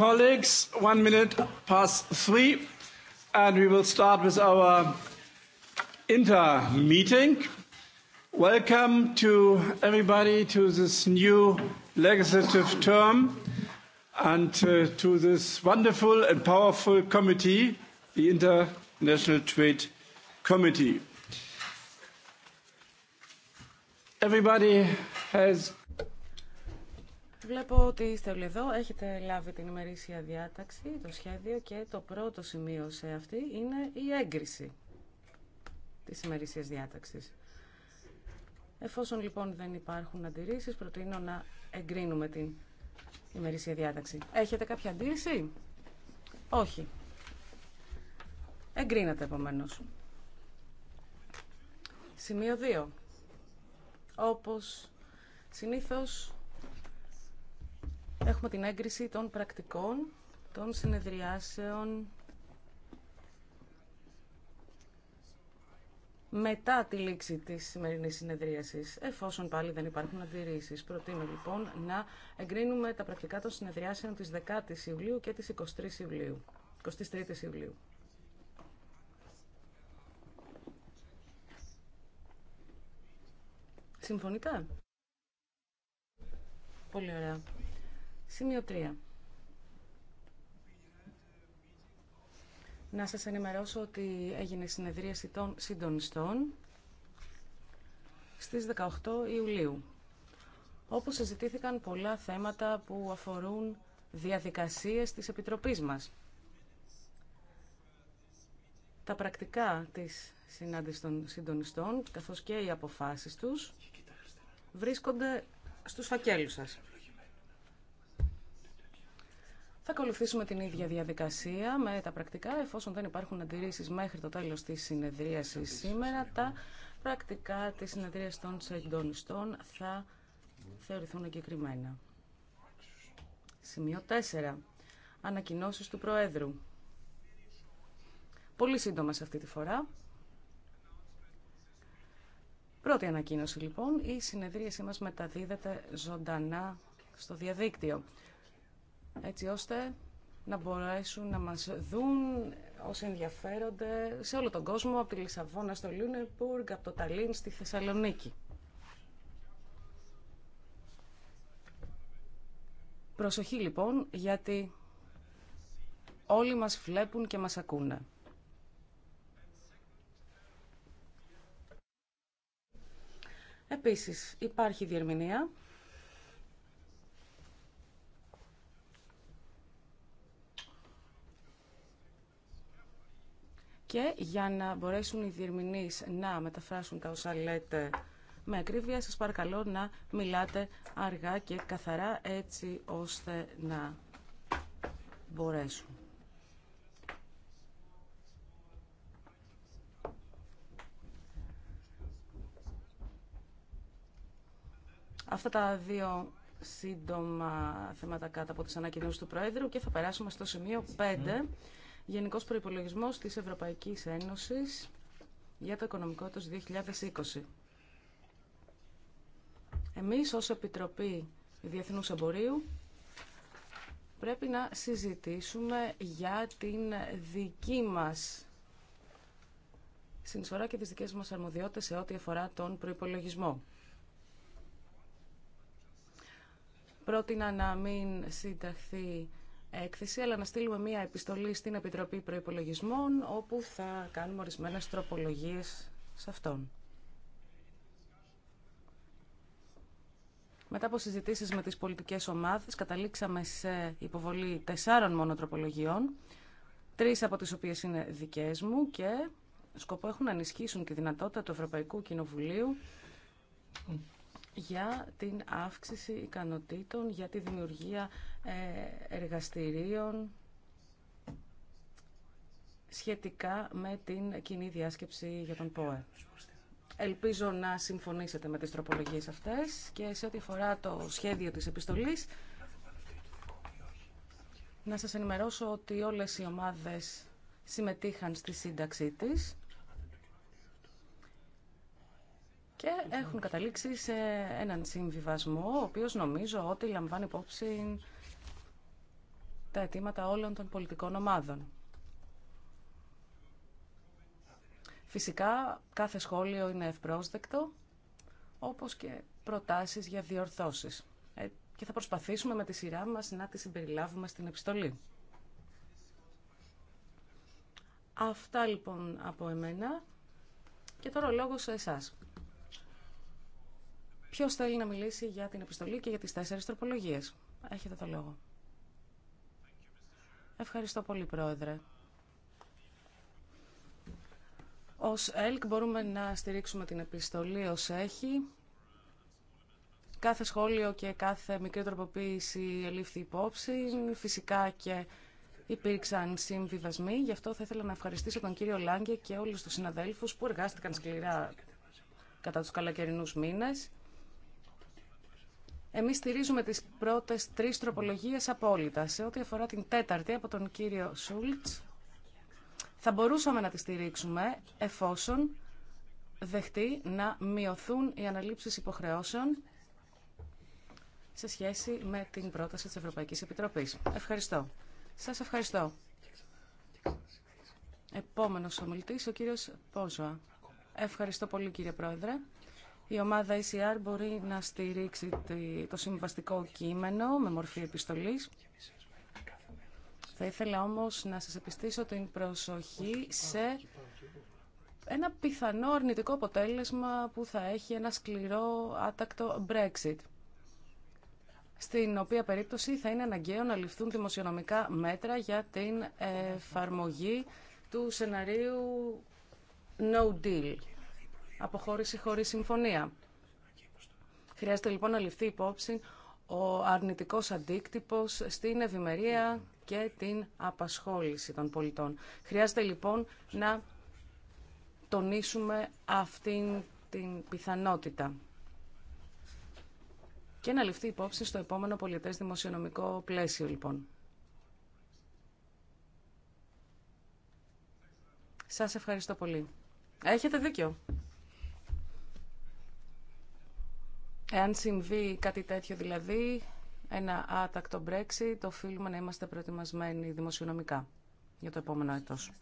Colleagues, one minute past three, and we will start with our inter meeting. Welcome to everybody to this new legislative term and to this wonderful and powerful committee, the International Trade Committee. Everybody has Βλέπω ότι είστε όλοι εδώ, έχετε λάβει την ημερήσια διάταξη, το σχέδιο και το πρώτο σημείο σε αυτή είναι η έγκριση της ημερήσιας διάταξης. Εφόσον λοιπόν δεν υπάρχουν αντιρρήσεις, προτείνω να εγκρίνουμε την ημερήσια διάταξη. Έχετε κάποια αντίρρηση? Όχι. Εγκρίνατε επομένως. Σημείο 2. Όπως συνήθως Έχουμε την έγκριση των πρακτικών, των συνεδριάσεων μετά τη λήξη της σημερινής συνεδρίασης. Εφόσον πάλι δεν υπάρχουν αντιρρήσεις, προτείνω λοιπόν να εγκρίνουμε τα πρακτικά των συνεδριάσεων της 10 η Ιουλίου και της 23 Ιουλίου. 23ης Ιουλίου. Συμφωνείτε? Πολύ ωραία. Σημείο 3. Να σας ενημερώσω ότι έγινε συνεδρίαση των συντονιστών στις 18 Ιουλίου, όπου συζητήθηκαν πολλά θέματα που αφορούν διαδικασίες της Επιτροπής μας. Τα πρακτικά της συνάντησης των συντονιστών, καθώς και οι αποφάσεις τους, βρίσκονται στους φακέλους σας. Θα ακολουθήσουμε την ίδια διαδικασία με τα πρακτικά. Εφόσον δεν υπάρχουν αντιρρήσει μέχρι το τέλο τη συνεδρίασης σήμερα, τα πρακτικά της συνεδρία των συντονιστών θα θεωρηθούν εγκεκριμένα. Σημείο 4. Ανακοινώσει του Προέδρου. Πολύ σύντομα σε αυτή τη φορά. Πρώτη ανακοίνωση λοιπόν, η συνεδρίασή μας μεταδίδεται ζωντανά στο διαδίκτυο έτσι ώστε να μπορέσουν να μας δουν όσοι ενδιαφέρονται σε όλο τον κόσμο, από τη Λισαβόνα στο Λούνερπουργκ, από το Ταλίν στη Θεσσαλονίκη. Προσοχή λοιπόν, γιατί όλοι μας βλέπουν και μας ακούνε. Επίσης, υπάρχει διερμηνία Και για να μπορέσουν οι διερμηνείς να μεταφράσουν τα όσα λέτε με ακρίβεια, σας παρακαλώ να μιλάτε αργά και καθαρά έτσι ώστε να μπορέσουν. Αυτά τα δύο σύντομα θέματα κάτω από τις ανακοινώσεις του Πρόεδρου και θα περάσουμε στο σημείο 5 Γενικός Προϋπολογισμός της Ευρωπαϊκής Ένωσης για το οικονομικό έτος 2020. Εμείς ως Επιτροπή Διεθνούς Εμπορίου πρέπει να συζητήσουμε για την δική μας συνεισφορά και τις δικές μας αρμοδιότητες σε ό,τι αφορά τον προϋπολογισμό. Πρότεινα να μην συνταχθεί έκθεση, αλλά να στείλουμε μία επιστολή στην Επιτροπή Προϋπολογισμών, όπου θα κάνουμε ορισμένες τροπολογίες σε αυτόν. Μετά από συζητήσεις με τις πολιτικές ομάδες, καταλήξαμε σε υποβολή τεσσάρων μονοτροπολογιών, τρεις από τις οποίες είναι δικές μου και σκοπό έχουν να ενισχύσουν τη δυνατότητα του Ευρωπαϊκού Κοινοβουλίου για την αύξηση ικανοτήτων, για τη δημιουργία ε, εργαστηρίων σχετικά με την κοινή διάσκεψη για τον ΠΟΕ. Ελπίζω να συμφωνήσετε με τις τροπολογίες αυτές και σε ό,τι αφορά το σχέδιο της επιστολής να σας ενημερώσω ότι όλες οι ομάδες συμμετείχαν στη σύνταξή της. και έχουν καταλήξει σε έναν συμβιβασμό, ο οποίο νομίζω ότι λαμβάνει υπόψη τα αιτήματα όλων των πολιτικών ομάδων. Φυσικά, κάθε σχόλιο είναι ευπρόσδεκτο, όπως και προτάσεις για διορθώσεις. Ε, και θα προσπαθήσουμε με τη σειρά μας να τις συμπεριλάβουμε στην επιστολή. Αυτά λοιπόν από εμένα και τώρα ο λόγος σε εσάς. Ποιο θέλει να μιλήσει για την επιστολή και για τι τέσσερι τροπολογίε. Έχετε το λόγο. Ευχαριστώ πολύ, Πρόεδρε. Ω ΕΛΚ μπορούμε να στηρίξουμε την επιστολή ω έχει. Κάθε σχόλιο και κάθε μικρή τροποποίηση ελήφθη υπόψη. Φυσικά και υπήρξαν συμβιβασμοί. Γι' αυτό θα ήθελα να ευχαριστήσω τον κύριο Λάγκε και όλους τους συναδέλφους που εργάστηκαν σκληρά κατά τους καλοκαιρινούς μήνες. Εμείς στηρίζουμε τις πρώτες τρεις τροπολογίες απόλυτα. Σε ό,τι αφορά την τέταρτη από τον κύριο Σούλτς, θα μπορούσαμε να τη στηρίξουμε εφόσον δεχτεί να μειωθούν οι αναλήψεις υποχρεώσεων σε σχέση με την πρόταση της Ευρωπαϊκής Επιτροπής. Ευχαριστώ. Σας ευχαριστώ. Επόμενος ομιλητής, ο κύριος Πόζοα. Ευχαριστώ πολύ κύριε Πρόεδρε. Η ομάδα ECR μπορεί να στηρίξει το συμβαστικό κείμενο με μορφή επιστολής. Θα ήθελα όμως να σας επιστήσω την προσοχή σε ένα πιθανό αρνητικό αποτέλεσμα που θα έχει ένα σκληρό άτακτο Brexit στην οποία περίπτωση θα είναι αναγκαίο να ληφθούν δημοσιονομικά μέτρα για την εφαρμογή του σεναρίου No Deal αποχώρηση χωρίς συμφωνία. Χρειάζεται λοιπόν να ληφθεί υπόψη ο αρνητικός αντίκτυπος στην ευημερία και την απασχόληση των πολιτών. Χρειάζεται λοιπόν να τονίσουμε αυτήν την πιθανότητα και να ληφθεί υπόψη στο επόμενο πολιτές δημοσιονομικό πλαίσιο λοιπόν. Σας ευχαριστώ πολύ. Έχετε δίκιο. Εάν συμβεί κάτι τέτοιο δηλαδή, ένα άτακτο Brexit, οφείλουμε να είμαστε προετοιμασμένοι δημοσιονομικά για το επόμενο έτος.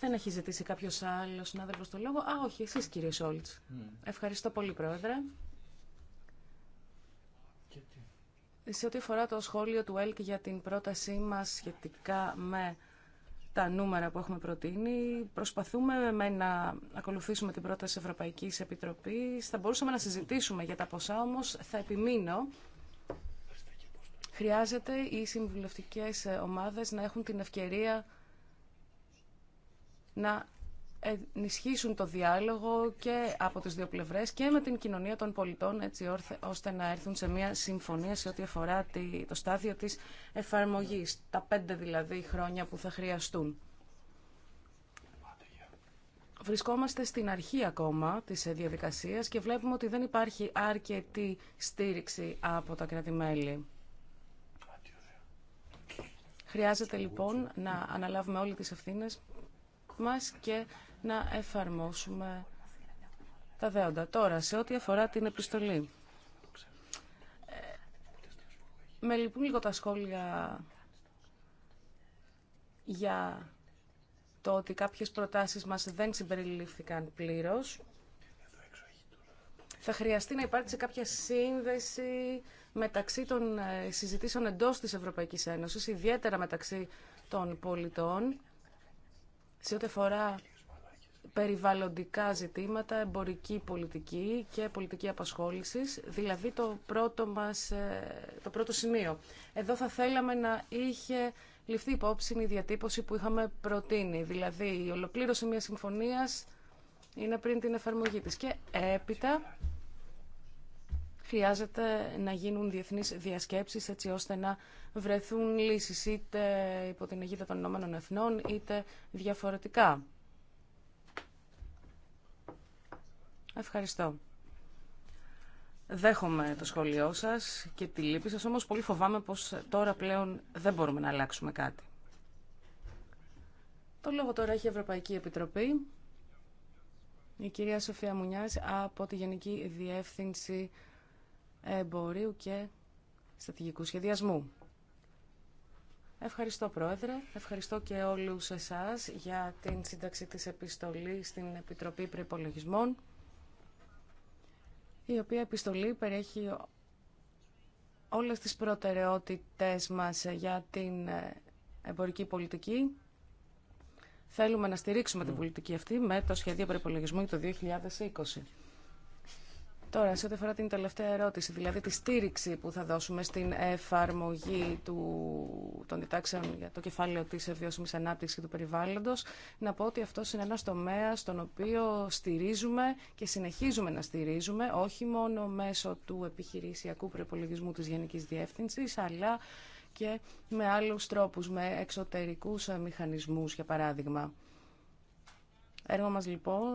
Δεν έχει ζητήσει κάποιο άλλο συνάδελφο το λόγο. Α, όχι, εσεί κύριε Σόλτ. Ευχαριστώ πολύ, Πρόεδρε. Και Σε ό,τι αφορά το σχόλιο του ΕΛΚ για την πρότασή μας σχετικά με τα νούμερα που έχουμε προτείνει. Προσπαθούμε με να ακολουθήσουμε την πρόταση Ευρωπαϊκής Επιτροπής. Θα μπορούσαμε να συζητήσουμε για τα ποσά, όμως θα επιμείνω. Χρειάζεται οι συμβουλευτικές ομάδες να έχουν την ευκαιρία να ενισχύσουν το διάλογο και από τις δύο πλευρές και με την κοινωνία των πολιτών έτσι ώστε να έρθουν σε μια συμφωνία σε ό,τι αφορά το στάδιο της εφαρμογής, τα πέντε δηλαδή χρόνια που θα χρειαστούν. Βρισκόμαστε στην αρχή ακόμα της διαδικασίας και βλέπουμε ότι δεν υπάρχει αρκετή στήριξη από τα κρατη Χρειάζεται λοιπόν να αναλάβουμε όλοι τις ευθύνες μας και να εφαρμόσουμε τα δέοντα. Τώρα, σε ό,τι αφορά την επιστολή. Ε, με λυπούν λίγο τα σχόλια για το ότι κάποιες προτάσεις μας δεν συμπεριληφθήκαν πλήρως. Θα χρειαστεί να υπάρξει κάποια σύνδεση μεταξύ των ε, συζητήσεων εντός της Ευρωπαϊκής Ένωσης, ιδιαίτερα μεταξύ των πολιτών, σε ό,τι αφορά περιβαλλοντικά ζητήματα, εμπορική πολιτική και πολιτική απασχόλησης, δηλαδή το πρώτο, μας, ε, το πρώτο σημείο. Εδώ θα θέλαμε να είχε ληφθεί υπόψη η διατύπωση που είχαμε προτείνει, δηλαδή η ολοκλήρωση μιας συμφωνίας είναι πριν την εφαρμογή της και έπειτα χρειάζεται να γίνουν διεθνείς διασκέψεις έτσι ώστε να βρεθούν λύσεις είτε υπό την αιγύδα των Ηνωμένων είτε διαφορετικά. Ευχαριστώ. Δέχομαι το σχόλιο σας και τη λύπη σας, όμως πολύ φοβάμαι πως τώρα πλέον δεν μπορούμε να αλλάξουμε κάτι. Το λόγο τώρα έχει η Ευρωπαϊκή Επιτροπή. Η κυρία Σοφία Μουνιάς από τη Γενική Διεύθυνση Εμπορίου και Στρατηγικού Σχεδιασμού. Ευχαριστώ Πρόεδρε, ευχαριστώ και όλους εσάς για την σύνταξη της επιστολής στην Επιτροπή Προϋπολογισμών η οποία επιστολή περιέχει όλες τις προτεραιότητες μας για την ε, εμπορική πολιτική. Θέλουμε να στηρίξουμε την mm. πολιτική αυτή με το σχέδιο προϋπολογισμού για το 2020. Τώρα, σε ό,τι αφορά την τελευταία ερώτηση, δηλαδή τη στήριξη που θα δώσουμε στην εφαρμογή του, των διτάξεων για το κεφάλαιο τη βιώσιμη ανάπτυξη και του περιβάλλοντος, να πω ότι αυτό είναι ένας τομέα στον οποίο στηρίζουμε και συνεχίζουμε να στηρίζουμε, όχι μόνο μέσω του επιχειρησιακού προπολογισμού τη Γενικής Διεύθυνση, αλλά και με άλλους τρόπους, με εξωτερικούς μηχανισμούς, για παράδειγμα. Έργο μας, λοιπόν,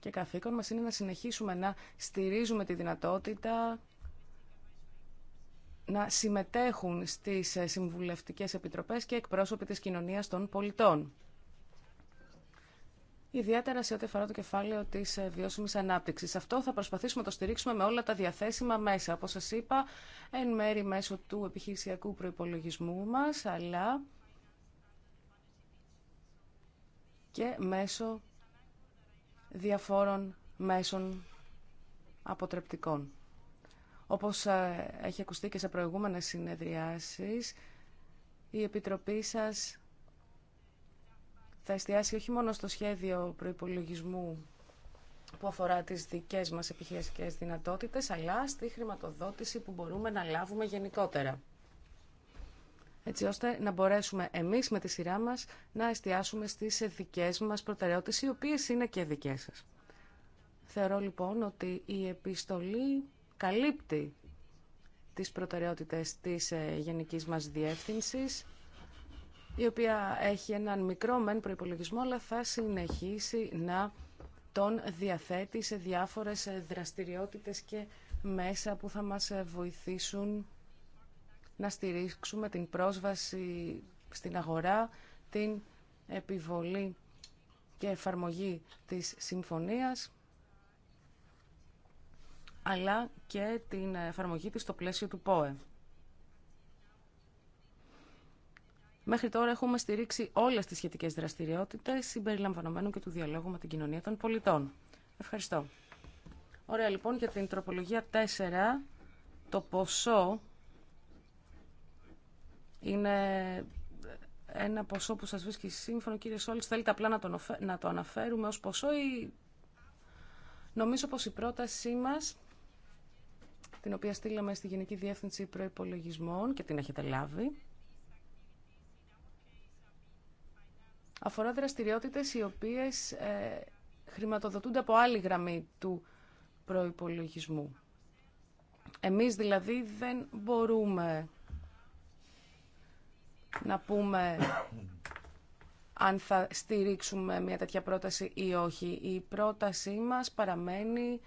και καθήκον μας είναι να συνεχίσουμε να στηρίζουμε τη δυνατότητα να συμμετέχουν στις ε, συμβουλευτικές επιτροπές και εκπρόσωποι της κοινωνίας των πολιτών. Ιδιαίτερα σε ό,τι αφορά το κεφάλαιο τη ε, βιώσιμη ανάπτυξη. Αυτό θα προσπαθήσουμε να το στηρίξουμε με όλα τα διαθέσιμα μέσα. Όπω σα είπα, εν μέρη μέσω του επιχειρησιακού προπολογισμού μα, αλλά και μέσω διαφόρων μέσων αποτρεπτικών. Όπως ε, έχει ακουστεί και σε προηγούμενες συνεδριάσεις, η Επιτροπή σας θα εστιάσει όχι μόνο στο σχέδιο προϋπολογισμού που αφορά τις δικές μας επιχειρησικές δυνατότητες, αλλά στη χρηματοδότηση που μπορούμε να λάβουμε γενικότερα έτσι ώστε να μπορέσουμε εμείς με τη σειρά μας να εστιάσουμε στις δικές μας προτεραιότητες, οι οποίες είναι και δικές σας. Θεωρώ λοιπόν ότι η επιστολή καλύπτει τις προτεραιότητες της ε, γενικής μας διεύθυνσης, η οποία έχει έναν μικρό μεν προϋπολογισμό, αλλά θα συνεχίσει να τον διαθέτει σε διάφορες ε, δραστηριότητες και μέσα που θα μας ε, βοηθήσουν να στηρίξουμε την πρόσβαση στην αγορά, την επιβολή και εφαρμογή της συμφωνίας, αλλά και την εφαρμογή της στο πλαίσιο του ΠΟΕ. Μέχρι τώρα έχουμε στηρίξει όλες τις σχετικές δραστηριότητες, συμπεριλαμβανομένου και του διαλόγου με την κοινωνία των πολιτών. Ευχαριστώ. Ωραία λοιπόν για την τροπολογία 4, το ποσό είναι ένα ποσό που σας βρίσκει σύμφωνο, κύριε Σόλης. Θέλετε απλά να, το αναφέρουμε ως ποσό ή... Νομίζω πως η πρότασή μας, την οποία στείλαμε στη Γενική Διεύθυνση Προϋπολογισμών και την έχετε λάβει, αφορά δραστηριότητες οι οποίες ε, χρηματοδοτούνται από άλλη γραμμή του προϋπολογισμού. Εμείς δηλαδή δεν μπορούμε να πούμε αν θα στηρίξουμε μια τέτοια πρόταση ή όχι. Η πρότασή μας παραμένει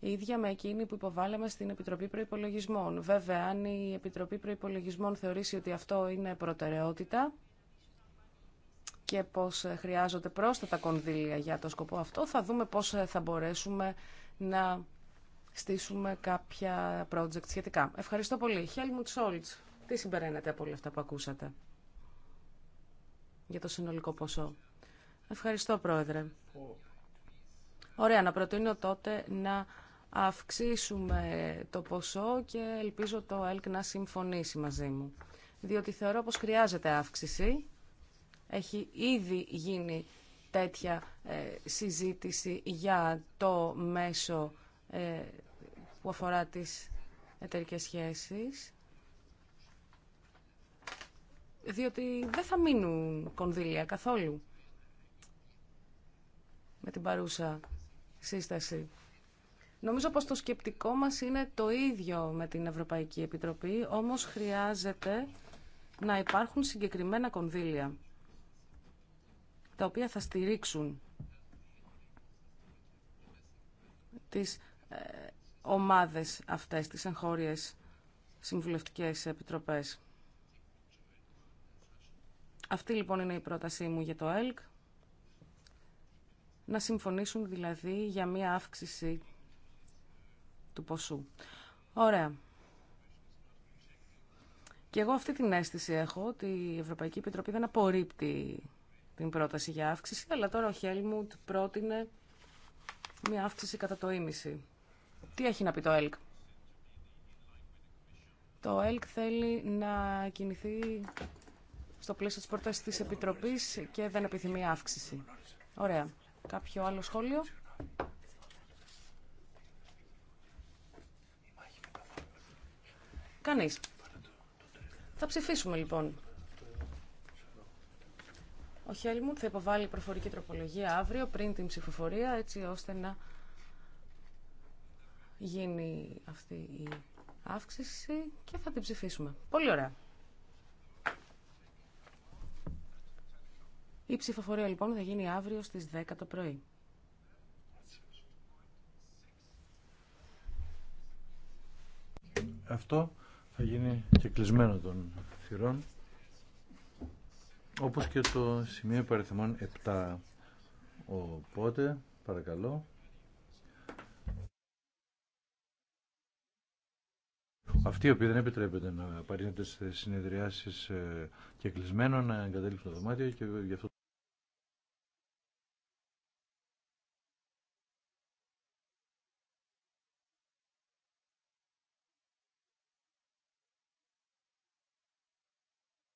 ίδια με εκείνη που υποβάλαμε στην Επιτροπή Προϋπολογισμών. Βέβαια, αν η Επιτροπή Προϋπολογισμών θεωρήσει ότι αυτό είναι προτεραιότητα και πώς χρειάζονται πρόσθετα κονδύλια για το σκοπό αυτό, θα δούμε πώς θα μπορέσουμε να στήσουμε κάποια project σχετικά. Ευχαριστώ πολύ. Τι συμπεραίνετε από όλα αυτά που ακούσατε για το συνολικό ποσό. Ευχαριστώ, Πρόεδρε. Ωραία, να προτείνω τότε να αυξήσουμε το ποσό και ελπίζω το ΕΛΚ να συμφωνήσει μαζί μου. Διότι θεωρώ πως χρειάζεται αύξηση. Έχει ήδη γίνει τέτοια ε, συζήτηση για το μέσο ε, που αφορά τις εταιρικές σχέσεις διότι δεν θα μείνουν κονδύλια καθόλου με την παρούσα σύσταση. Νομίζω πως το σκεπτικό μας είναι το ίδιο με την Ευρωπαϊκή Επιτροπή, όμως χρειάζεται να υπάρχουν συγκεκριμένα κονδύλια, τα οποία θα στηρίξουν τις ε, ομάδες αυτές, τις εγχώριες συμβουλευτικές επιτροπές. Αυτή λοιπόν είναι η πρότασή μου για το ΕΛΚ. Να συμφωνήσουν δηλαδή για μία αύξηση του ποσού. Ωραία. Και εγώ αυτή την αίσθηση έχω ότι η Ευρωπαϊκή Επιτροπή δεν απορρίπτει την πρόταση για αύξηση, αλλά τώρα ο Χέλμουντ πρότεινε μία αύξηση κατά το ίμιση. Τι έχει να πει το ΕΛΚ. Το ΕΛΚ θέλει να κινηθεί στο πλαίσιο της πρότασης της Επιτροπής και δεν επιθυμεί αύξηση. Ωραία. Κάποιο άλλο σχόλιο. Κανείς. Θα ψηφίσουμε λοιπόν. Ο Χέλμουντ θα υποβάλει προφορική τροπολογία αύριο πριν την ψηφοφορία έτσι ώστε να γίνει αυτή η αύξηση και θα την ψηφίσουμε. Πολύ ωραία. Η ψηφοφορία λοιπόν θα γίνει αύριο στις 10 το πρωί. Αυτό θα γίνει και κλεισμένο των θυρών όπως και το σημείο παριθμών 7. Οπότε, παρακαλώ, Αυτοί οι οποίοι δεν επιτρέπεται να παρήνεται σε συνεδριάσεις ε, και κλεισμένο να εγκατέλειψουν το δωμάτιο και γι' αυτό